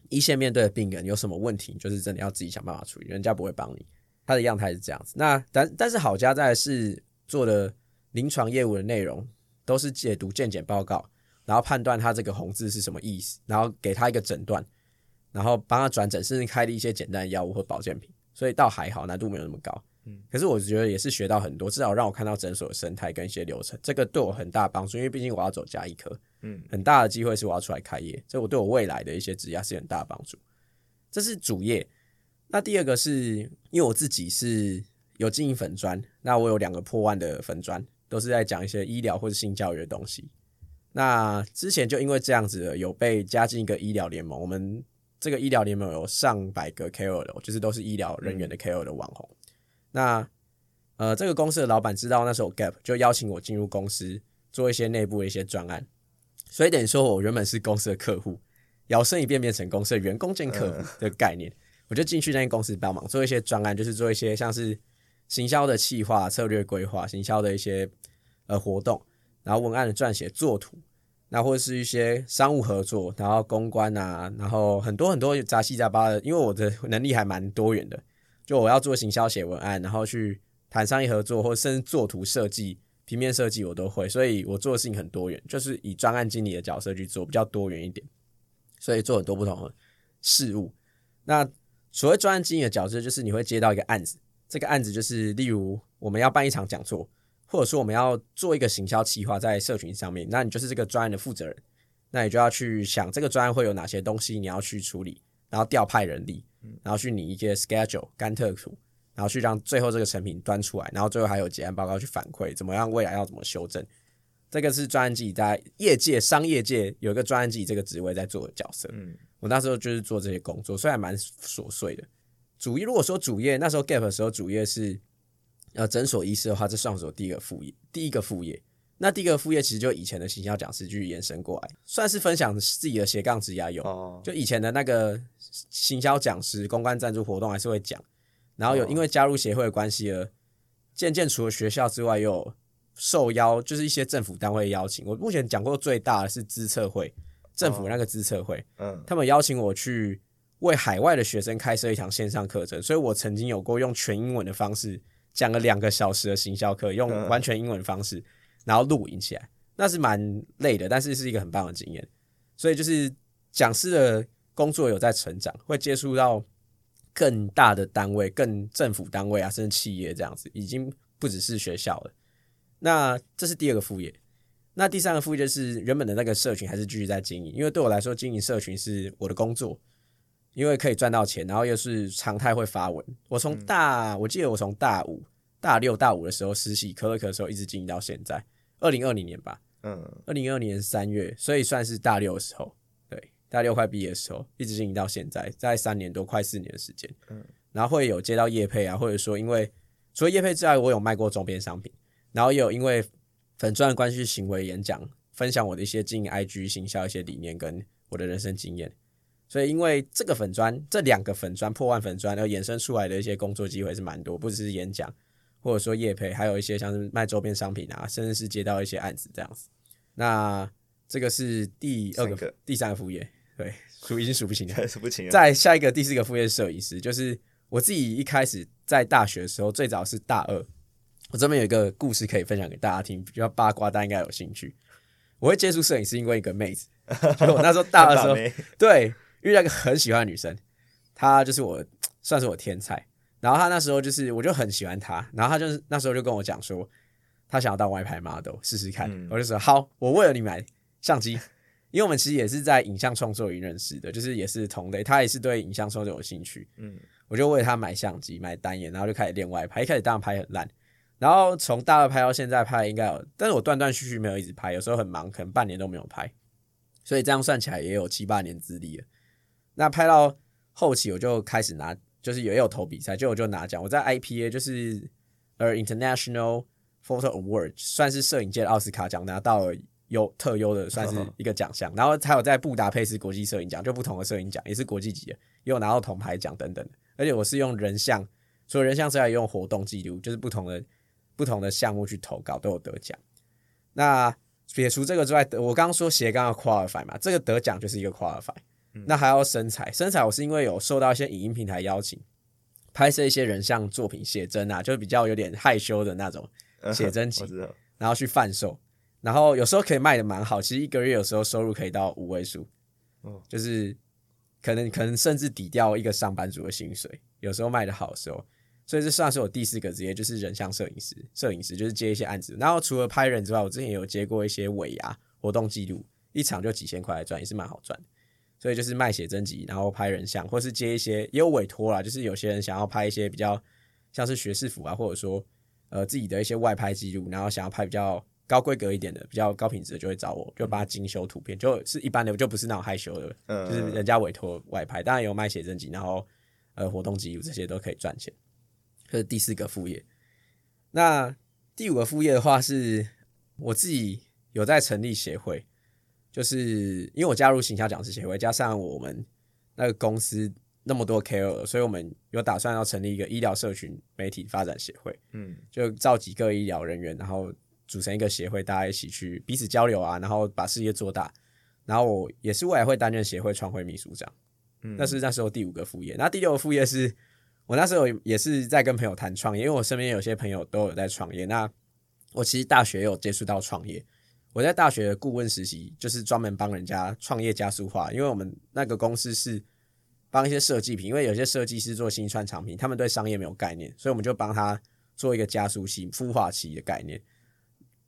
一線面對的病人有什麼問題，就是真的要自己想辦法處理，人家不會幫你。它的樣態是這樣子，那但但是好家在是做的臨床業務的內容，都是解讀健檢報告，然後判斷他這個紅字是什麼意思，然後給他一個診斷，然後幫他轉診，甚至開了一些簡單的藥物或保健品，所以倒還好，難度沒有那麼高。嗯，可是我覺得也是學到很多，至少讓我看到診所的生態跟一些流程，這個對我很大幫助，因為畢竟我要走家醫科，嗯，很大的機會是我要出來開業，所以我對我未來的一些職業是很大的幫助，這是主業。那第二個是因為我自己是有經營粉專，那我有兩個破萬的粉專，都是在講一些醫療或者性教育的東西。那之前就因為這樣子，有被加進一個醫療聯盟。我們這個醫療聯盟有上百個 KOL，就是都是醫療人員的 KOL 的網紅。嗯、那呃，這個公司的老闆知道那時候 Gap 就邀請我進入公司做一些內部的一些專案，所以等於說我原本是公司的客戶，搖身一變，變成公司的員工兼客的概念。嗯我就進去那些公司幫忙做一些專案，就是做一些像是行銷的企劃、策略規劃、行銷的一些呃活動，然後文案的撰寫、作圖，那或者是一些商務合作，然後公關啊，然後很多很多雜七雜八的。因為我的能力還蠻多元的，就我要做行銷、寫文案，然後去談商業合作，或甚至作圖設計、平面設計，我都會。所以我做的事情很多元，就是以專案經理的角色去做，比較多元一點，所以做很多不同的事物。那所謂專案經理的角色，就是你會接到一個案子，這個案子就是例如我們要辦一場講座，或者說我們要做一個行銷企劃在社群上面，那你就是這個專案的負責人，那你就要去想這個專案會有哪些東西你要去處理，然後調派人力，然後去擬一些 schedule 甘特圖，然後去讓最後這個成品端出來，然後最後還有結案報告去反饋怎麼樣，未來要怎麼修正。這個是專案經理在業界、商業界有一個專案經理這個職位在做的角色。嗯我那時候就是做這些工作，雖然蠻瑣碎的。主業如果說主業，那時候 gap 的時候，主業是呃診所醫師的話，這算是上手第一個副業，第一個副業。那第一個副業其實就以前的行銷講師去延伸過來，算是分享自己的斜槓職業。有就以前的那個行銷講師、公關贊助活動還是會講，然後有因為加入協會的關係而漸漸除了學校之外，又有受邀就是一些政府單位邀請。我目前講過最大的是資策會。政府那個資策會，嗯、他們邀請我去為海外的學生開設一堂線上課程，所以我曾經有過用全英文的方式講了兩個小時的行銷課，用完全英文的方式，然後錄影起來，那是蠻累的，但是是一個很棒的經驗。所以就是講師的工作有在成長，會接觸到更大的單位，更政府單位啊，甚至企業這樣子，已經不只是學校了。那這是第二個副業。那第三個副業就是原本的那個社群還是繼續在經營，因為對我來說經營社群是我的工作，因為可以賺到錢，然後又是常態會發文。我從大，嗯、我記得我從大五、大六、大五的時候實習可口可樂的時候，一直經營到現在，二零二零年吧，嗯，二零二零年三月，所以算是大六的時候，對，大六快畢業的時候，一直經營到現在，在三年多，快四年的時間，嗯，然後會有接到業配啊，或者說因為除了業配之外，我有賣過周邊商品，然後也有因為。粉專的關係行為演講，分享我的一些經營 IG 行銷一些理念跟我的人生經驗，所以因為這個粉專這兩個粉專破萬粉專，然後衍生出來的一些工作機會是蠻多，不只是演講，或者說業配，還有一些像是賣周邊商品啊，甚至是接到一些案子這樣子。那這個是第二個、三個第三個副業，對，數已經數不， 不清了，數不清了。再下一個、第四個副業是攝影師，就是我自己一開始在大學的時候，最早是大二。我這邊有一個故事可以分享給大家聽，比較八卦，大家應該有興趣。我會接觸攝影是因為一個妹子， 我那時候大二時候， 妹對，遇到一個很喜歡的女生，她就是我算是我天才。然後她那時候就是我就很喜歡她，然後她就是那時候就跟我講說，她想要當外拍 model 試試看。嗯、我就說好，我為了你買相機， 因為我們其實也是在影像創作營認識的，就是也是同類，她也是對影像創作有興趣。嗯，我就為了她買相機、買單眼，然後就開始練外拍。一開始當然拍很爛。然後從大二拍到現在拍，應該有，但是我斷斷續續沒有一直拍，有時候很忙，可能半年都沒有拍，所以這樣算起來也有七八年資歷了。那拍到後期我就開始拿，就是也有投比賽，就我就拿獎。我在 IPA 就是呃 International Photo Award，算是攝影界的奧斯卡獎，拿到優特優的算是一個獎項。 然後還有在布達佩斯國際攝影獎，就不同的攝影獎也是國際級的，也有拿到銅牌獎等等的。而且我是用人像，所以人像是要用活動記錄，就是不同的。不同的項目去投稿都有得獎。那撇除這個之外，我剛剛說斜槓要 qualify 嘛，這個得獎就是一個 qualify。嗯、那還要身材，身材我是因為有受到一些影音平台邀請，拍攝一些人像作品、寫真啊，就比較有點害羞的那種寫真集，啊、然後去販售，然後有時候可以賣的蠻好，其實一個月有時候收入可以到五位數，哦、就是可能可能甚至抵掉一個上班族的薪水，有時候賣的好的時候。所以這算是我第四個職業，就是人像攝影師。攝影師就是接一些案子，然後除了拍人之外，我之前也有接過一些尾牙、啊、活動記錄，一場就幾千塊來賺，也是蠻好賺。所以就是賣寫真集，然後拍人像，或是接一些也有委託啦，就是有些人想要拍一些比較像是學士服啊，或者說呃自己的一些外拍記錄，然後想要拍比較高規格一點的、比較高品質的，就會找我，就幫他精修圖片，就是一般的，就不是那種海修的，就是人家委託外拍。嗯、當然有賣寫真集，然後呃活動記錄這些都可以賺錢。這是第四個副業。那第五個副業的話，是我自己有在成立協會，就是因為我加入行銷講師協會，加上我們那個公司那麼多 KOL，所以我們有打算要成立一個醫療社群媒體發展協會。嗯，就召幾個醫療人員，然後組成一個協會，大家一起去彼此交流啊，然後把事業做大。然後我也是未來會擔任協會創會秘書長。嗯，那是那時候第五個副業。那第六個副業是。我那時候也是在跟朋友談創業，因為我身邊有些朋友都有在創業。那我其實大學也有接觸到創業，我在大學的顧問實習就是專門幫人家創業加速化。因為我們那個公司是幫一些設計品，因為有些設計師做新創產品，他們對商業沒有概念，所以我們就幫他做一個加速器、孵化器的概念，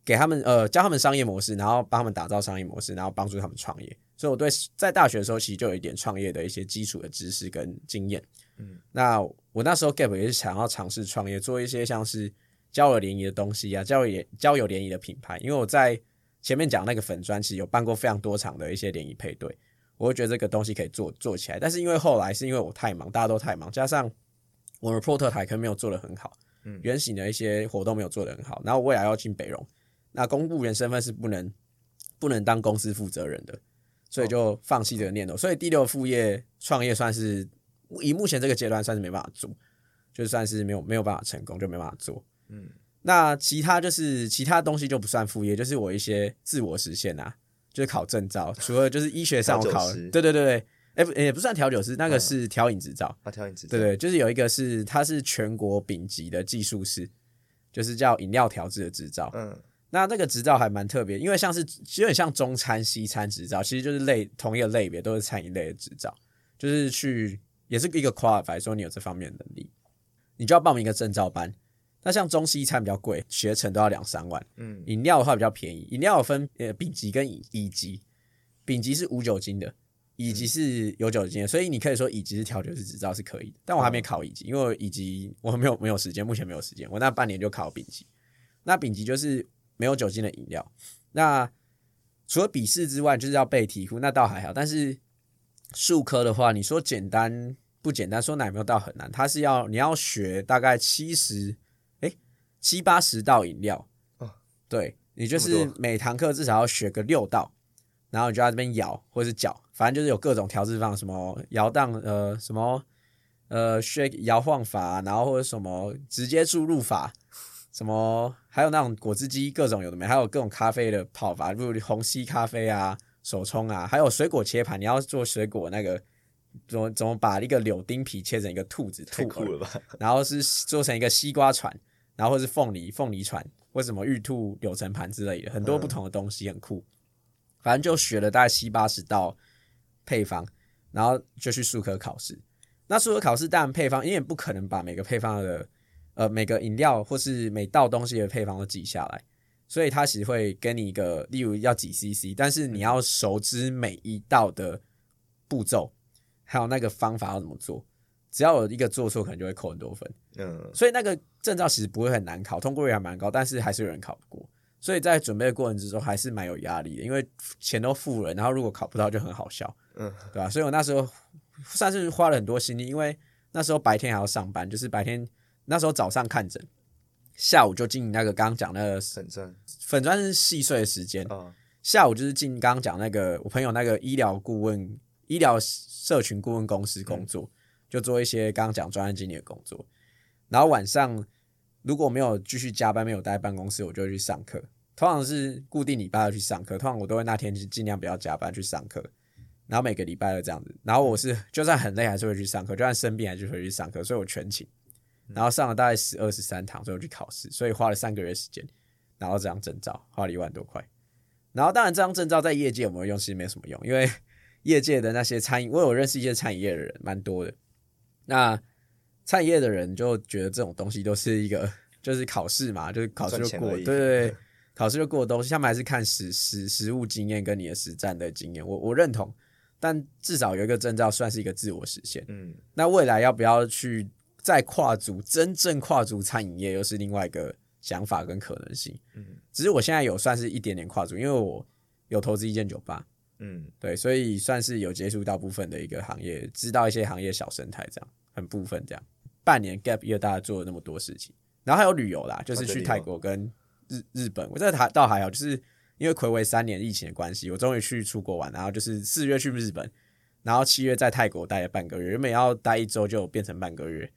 給他們呃教他們商業模式，然後幫他們打造商業模式，然後幫助他們創業。所以我對在大學的時候其實就有一點創業的一些基礎的知識跟經驗。嗯，那。我那時候 gap 也是想要嘗試創業，做一些像是交友聯誼的東西啊，交友聯交友聯誼的品牌。因為我在前面講那個粉專其實有辦過非常多場的一些聯誼配對，我會覺得這個東西可以做做起來。但是因為後來是因為我太忙，大家都太忙，加上我的 report 還可能沒有做得很好，嗯，原型的一些活動沒有做得很好。然後我未來要進北榮，那公務員身份是不能不能當公司負責人的，所以就放棄這個念頭。哦、所以第六副業創業算是，以目前這個階段，算是沒辦法做，就算是沒有沒有辦法成功，就沒辦法做。嗯，那其他就是其他東西就不算副業，就是我一些自我實現啊，就是考證照，除了就是醫學上我考，對 對對對，欸、不也、欸、不算調酒師，那個是調飲執照啊，調飲執照，對，對對，就是有一個是它是全國丙級的技術師，就是叫飲料調制的執照。嗯，那那個執照還蠻特別，因為像是其實很像中餐西餐執照，其實就是類同一個類別，都是餐飲類的執照，就是去。也是一個 qualify 說你有這方面的能力，你就要報名一個證照班。那像中西餐比較貴，學程都要兩三萬。嗯，飲料的話比較便宜，飲料有分呃丙級跟乙、乙級，丙級是無酒精的，乙級是有酒精的。嗯、所以你可以說乙級是調酒師執照是可以的，但我還沒考乙級，嗯、因為乙級我沒有沒有時間，目前沒有時間。我那半年就考丙級，那丙級就是沒有酒精的飲料。那除了筆試之外，就是要背題庫，那倒還好，但是。術科的話，你說簡單不簡單？說難也沒有到很難，它是要你要學大概七十，欸，誒七八十道飲料，哦，對，你就是每堂課至少要學個六道，然後你就在這邊搖或者是攪，反正就是有各種調製法，什麼搖盪呃什麼呃 shake 搖晃法，然後或者什麼直接注入法，什麼還有那種果汁機各種有的沒有，還有各種咖啡的泡法，比如虹吸咖啡啊。手沖啊，還有水果切盤，你要做水果那個，怎麼怎麼把一個柳丁皮切成一個兔子，太酷了吧！兔然後是做成一個西瓜船，然後或是鳳梨鳳梨船，或什麼玉兔柳橙盤之類的，很多不同的東西，嗯、很酷。反正就學了大概七八十道配方，然後就去術科考試。那術科考試當然配方，因為不可能把每個配方的，呃，每個飲料或是每道東西的配方都記下來。所以他其實會給你一個，例如要幾 CC，但是你要熟知每一道的步驟，還有那個方法要怎麼做。只要有一個做錯，可能就會扣很多分。嗯，所以那個證照其實不會很難考，通過率還蠻高，但是還是有人考不過。所以在準備的過程之中還是蠻有壓力的，因為錢都付了，然後如果考不到就很好笑。嗯，對啊，所以我那時候算是花了很多心力，因為那時候白天還要上班，就是白天那時候早上看診。下午就進那個剛剛講那個粉專，粉專是細碎的時間。下午就是進剛剛講那個我朋友那個醫療顧問、醫療社群顧問公司工作，就做一些剛剛講專案經理的工作。然後晚上如果沒有繼續加班，沒有待辦公室，我就會去上課。通常是固定禮拜二去上課，通常我都會那天盡量不要加班去上課。然後每個禮拜都這樣子。然後我是就算很累還是會去上課，就算生病還是會去上課，所以我全勤。然後上了大概十二十三堂，最後去考試，所以花了三個月時間拿到這張證照，花了一萬多塊。然後當然，這張證照在業界我們用其實沒什麼用，因為業界的那些餐飲，因為我有認識一些餐飲業的人蠻多的。那餐飲業的人就覺得這種東西都是一個，就是考試嘛，就是考試就過，對對對，對考試就過的東西，他們還是看實實實務經驗跟你的實戰的經驗。我我認同，但至少有一個證照算是一個自我實現。嗯，那未來要不要去？再跨足，真正跨足餐飲業，又是另外一個想法跟可能性。嗯，只是我現在有算是一點點跨足，因為我有投資一間酒吧，嗯，對，所以算是有接觸到部分的一個行業，知道一些行業小生態，這樣很部分這樣。半年 gap 因為大家做了那麼多事情，然後還有旅遊啦，就是去泰國跟日、啊、日本，我在台倒還好，就是因為暌違三年疫情的關係，我終於去出國玩，然後就是四月去日本，然後七月在泰國待了半個月，原本要待一周就變成半個月。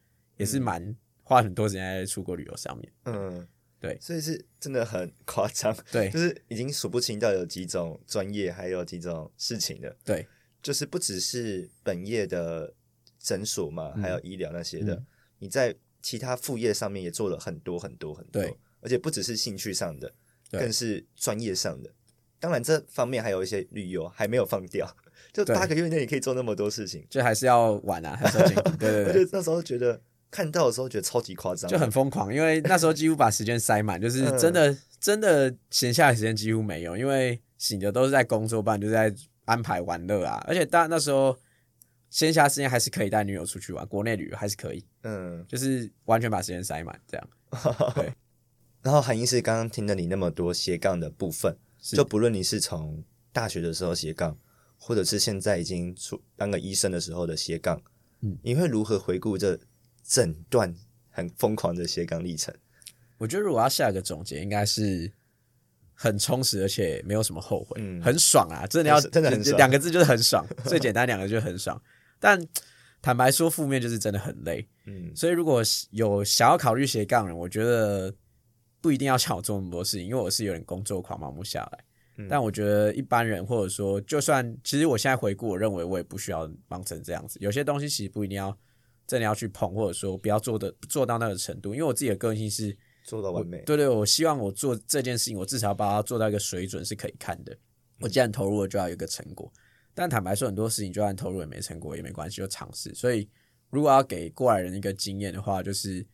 也是蠻花很多時間在出國旅遊上面。嗯，對，所以是真的很誇張。對，就是已經數不清到有幾種專業，還有幾種事情的。對，就是不只是本業的診所嘛，嗯、還有醫療那些的。嗯、你在其他副業上面也做了很多很多很多，對而且不只是興趣上的，對更是專業上的。當然，這方面還有一些旅遊還沒有放掉。 就八個月內你可以做那麼多事情，就還是要玩啊？對對對， 我就那時候覺得。看到的時候覺得超級誇張，就很瘋狂，因為那時候幾乎把時間塞滿， 就是真的、嗯、真的閒下來時間幾乎沒有，因為醒着都是在工作，不然就在安排玩樂啊。而且當然那時候閒暇時間還是可以帶女友出去玩，國內旅遊還是可以，嗯，就是完全把時間塞滿這樣。呵呵對。然後韓醫師剛剛聽了你那麼多斜槓的部分，的就不論你是從大學的時候斜槓，或者是現在已經出當個醫生的時候的斜槓，嗯、你會如何回顧這？整段很瘋狂的斜槓歷程，我覺得如果要下一個總結，應該是很充實，而且沒有什麼後悔，嗯、很爽啊！真的要真的兩個字就是很爽， 最簡單兩個字就很爽。但坦白說，負面就是真的很累。嗯，所以如果有想要考慮斜槓人，我覺得不一定要像我做那麼多事情，因為我是有點工作狂，忙不下來。嗯、但我覺得一般人或者說，就算其實我現在回顧，我認為我也不需要忙成這樣子。有些東西其實不一定要。真的要去碰，或者說不要做的做到那個程度，因為我自己的個性是做到完美。對，對對，我希望我做這件事情，我至少把它做到一個水準是可以看的。我既然投入了，就要有一個成果。嗯、但坦白說，很多事情就算投入也沒成果也沒關係，就嘗試。所以，如果要給過來人一個經驗的話，就是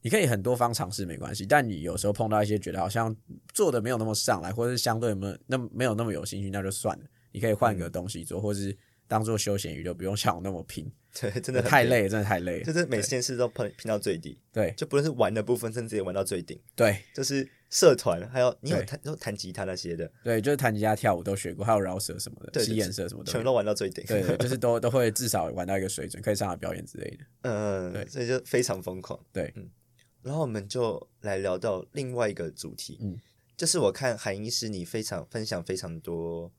你可以很多方嘗試沒關係。但你有時候碰到一些覺得好像做的沒有那麼上來，或者是相對沒有那麼沒有那麼有興趣，那就算了。你可以換個東西做，嗯、或是。當做休閒娛樂，不用像我那麼拼，對，真的太累，真的太累，就是每件事都拼拼到最底，對，就不論是玩的部分，甚至也玩到最頂，對，就是社團還有你有彈，彈吉他那些的，對，就是彈吉他、跳舞都學過，還有饒舌什麼的，吸音色什麼的，全都玩到最頂，對，就是都都會至少玩到一個水準，可以上來表演之類的，嗯，對，所以就非常瘋狂，對，然後我們就來聊到另外一個主題，嗯，就是我看韓醫師是你非常分享非常多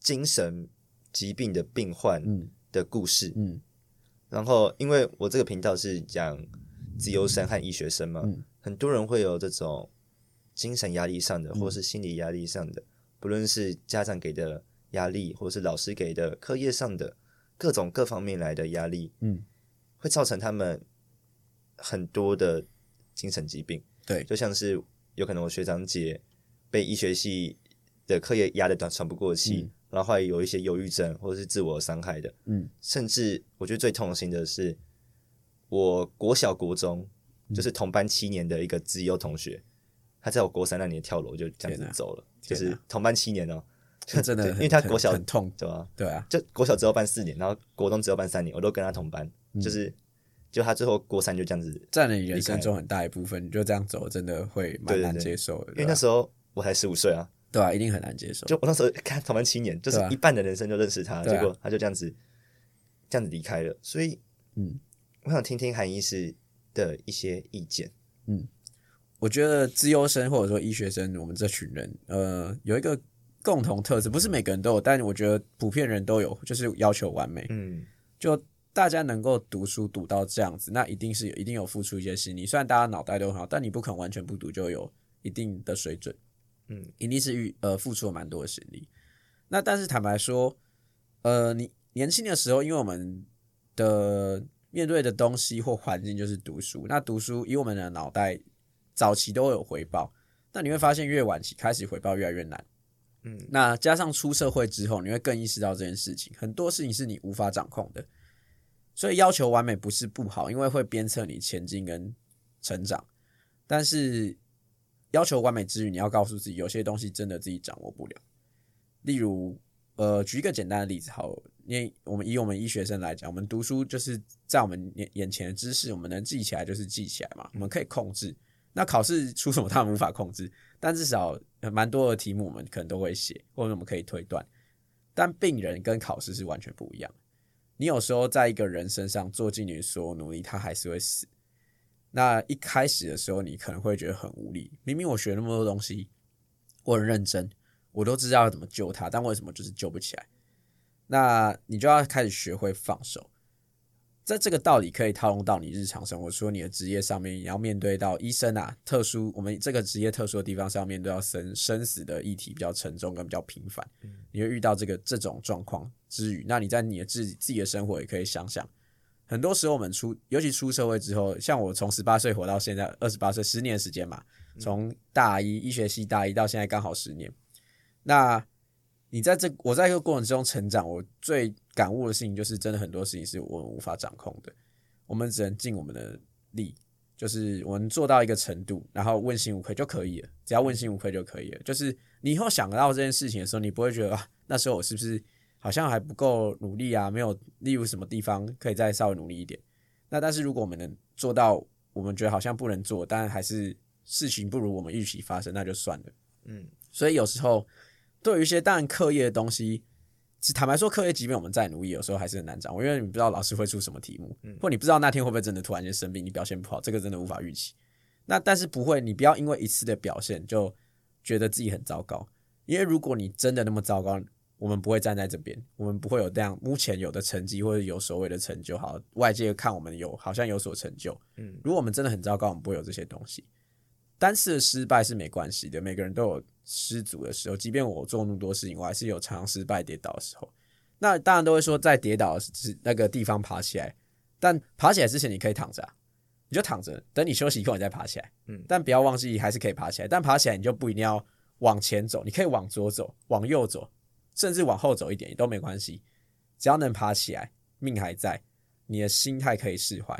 精神疾病的病患的故事，嗯，嗯，然後因為我這個頻道是講自由生和醫學生嘛，嗯嗯嗯、很多人會有這種精神壓力上的，或是心理壓力上的，嗯、不論是家長給的壓力，或是老師給的課業上的各種各方面來的壓力，嗯，會造成他們很多的精神疾病，對、嗯，就像是有可能我學長姐被醫學系的課業壓得喘喘不過氣。嗯然後後來有一些憂鬱症，或者是自我傷害的，嗯，甚至我覺得最痛心的是，我國小國中就是同班七年的一個資優同學，他在我國三那年跳樓就這樣子走了，就是同班七年哦，真的，因為他國小很痛，對吧？對啊，就國小只要班四年，然後國中只要班三年，我都跟他同班，就是，就他最後國三就這樣子佔了人生中很大一部分，就這樣走，真的會蠻難接受的，因為那時候我才十五歲啊。對啊，一定很難接受。就我那時候看《台灣青年》，就是一半的人生就認識他，啊啊、結果他就這樣子，這樣子離開了。所以，嗯，我想聽聽韓醫師的一些意見。嗯，我覺得資優生或者說醫學生，我們這群人，呃，有一個共同特質，不是每個人都有，嗯、但我覺得普遍人都有，就是要求完美。嗯，就大家能夠讀書讀到這樣子，那一定是一定有付出一些心力，雖然大家腦袋都很好，但你不可能完全不讀，就有一定的水準。嗯，一定是遇呃付出了蠻多的精力。那但是坦白說，呃，你年輕的時候，因為我們的面對的東西或環境就是讀書，那讀書以我們的腦袋早期都有回報。那你會發現越晚期開始回報越來越難。嗯，那加上出社會之後，你會更意識到這件事情，很多事情是你無法掌控的。所以要求完美不是不好，因為會鞭策你前進跟成長，但是，要求完美之餘，你要告訴自己，有些東西真的自己掌握不了。例如，呃，舉一個簡單的例子，好，因為我們以我們醫學生來講，我們讀書就是在我們眼眼前的知識，我們能記起來就是記起來嘛，我們可以控制。那考試出什麼，他們無法控制。但至少蠻多的題目，我們可能都會寫，或者我們可以推斷。但病人跟考試是完全不一樣的。你有時候在一個人身上做盡你所有努力，他還是會死。那一開始的時候，你可能會覺得很無力。明明我學那麼多東西，我很認真，我都知道要怎麼救他，但為什麼就是救不起來？那你就要開始學會放手。在這個道理可以套用到你日常生活，說你的職業上面，你要面對到醫生啊，特殊我們這個職業特殊的地方是要面對到生生死的議題比較沉重跟比較頻繁，你會遇到這個這種狀況之餘，那你在你的自己自己的生活也可以想想。很多時候我們出，尤其出社會之後，像我從十八歲活到現在二十八歲，十年時間嘛，從大一醫學系大一到現在剛好十年。那你在這，我在這個過程中成長，我最感悟的事情就是，真的很多事情是我們無法掌控的，我們只能盡我們的力，就是我們做到一個程度，然後問心無愧就可以了，只要問心無愧就可以了。就是你以後想到這件事情的時候，你不會覺得啊，那時候我是不是？好像還不夠努力啊，沒有例如什麼地方可以再稍微努力一點。那但是如果我們能做到，我們覺得好像不能做，但還是事情不如我們預期發生，那就算了。嗯，所以有時候對於一些當然課業的東西，坦白說課業，即便我們再努力，有時候還是很難掌握，因為你不知道老師會出什麼題目，嗯，或你不知道那天會不會真的突然間生病，你表現不好，這個真的無法預期。那但是不會，你不要因為一次的表現就覺得自己很糟糕，因為如果你真的那麼糟糕。我們不會站在這邊，我們不會有這樣目前有的成績或者有所謂的成就。好，外界看我們有好像有所成就。嗯，如果我們真的很糟糕，我們不會有這些東西。單次失敗是沒關係的，每個人都有失足的時候。即便我做那麼多事情，我還是有常常失敗跌倒的時候。那當然都會說在跌倒的是那個地方爬起來，但爬起來之前你可以躺着啊，你就躺着，等你休息以後你再爬起來。嗯，但不要忘記還是可以爬起來。但爬起來你就不一定要往前走，你可以往左走，往右走。甚至往後走一點也都沒關係，只要能爬起來，命還在，你的心態可以釋懷。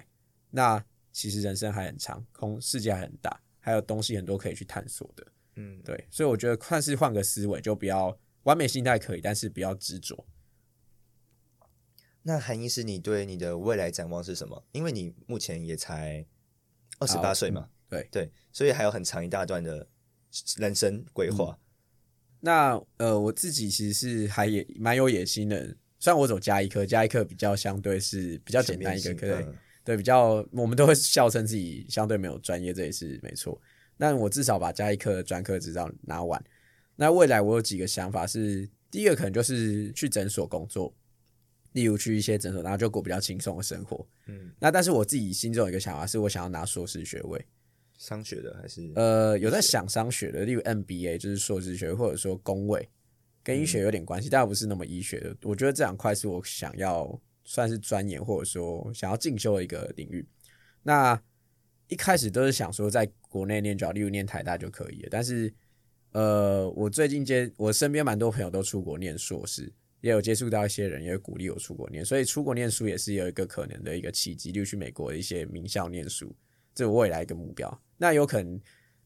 那其實人生還很長，空世界還很大，還有東西很多可以去探索的。嗯，對。所以我覺得算是換個思維，就不要完美，心態可以，但是不要執着。那韓醫師，你對你的未來展望是什麼？因為你目前也才二十八歲嘛，okay, 對對，所以還有很長一大段的人生規劃。嗯那呃，我自己其實是還也蠻有野心的，雖然我走家醫科，家醫科比較相對是比較簡單一個科，對、嗯、對比較我們都會笑稱自己相對沒有專業，這也是沒錯。但我至少把家醫科專科執照拿完。那未來我有幾個想法是，是第一個可能就是去診所工作，例如去一些診所，然後就過比較輕鬆的生活。嗯，那但是我自己心中有一個想法，是我想要拿碩士學位。商學的還是呃有在想商學的，例如 MBA 就是碩士學，或者說工位跟醫學有點關係，嗯、但不是那麼醫學的。我覺得這兩塊是我想要算是鑽研，或者說想要進修的一個領域。那一開始都是想說在國內唸，主要例如唸台大就可以了。但是呃，我最近接我身邊蠻多朋友都出國唸碩士，也有接觸到一些人，也鼓勵我出國唸，所以出國唸書也是有一個可能的一個契機，就去美國的一些名校唸書，這是未來一個目標。那有可能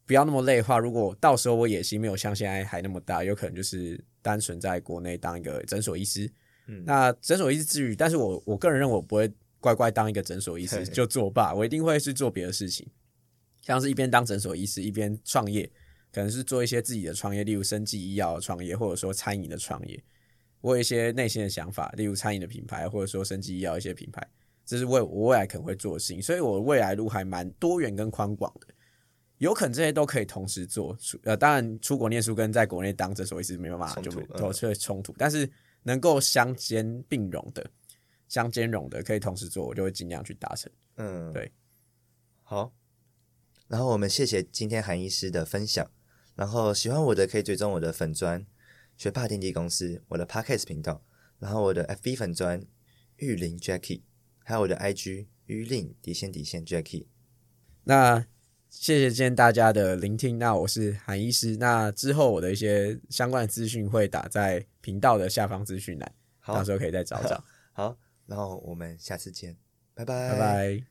不要那麼累的話，如果到時候我野心沒有像現在還那麼大，有可能就是單純在國內當一個診所醫師。嗯，那診所醫師之餘，但是我我個人認為我不會乖乖當一個診所醫師嘿就作罷，我一定會去做別的事情，像是一邊當診所醫師一邊創業，可能是做一些自己的創業，例如生技醫藥創業，或者說餐飲的創業。我有一些內心的想法，例如餐飲的品牌，或者說生技醫藥一些品牌，這是未我，我未來可能會做的事情。所以我未來路還蠻多元跟寬廣的。有可能這些都可以同時做，呃，當然出國念書跟在國內當這，所以是沒有辦法衝突，就會，就會衝突。嗯、但是能夠相兼並容的，相兼容的，可以同時做，我就會儘量去達成。嗯，對，好。然後我們謝謝今天韓醫師的分享。然後喜歡我的可以追蹤我的粉專學霸電力公司、我的 Podcast 頻道，然後我的 FB 粉專玉林 Jacky，還有我的 IG 玉林底線底線 Jacky。那。謝謝今天大家的聆聽，那我是韓醫師，那之後我的一些相關的資訊會打在頻道的下方資訊欄，好，到時候可以再找找好。好，然後我們下次見，拜拜。拜拜。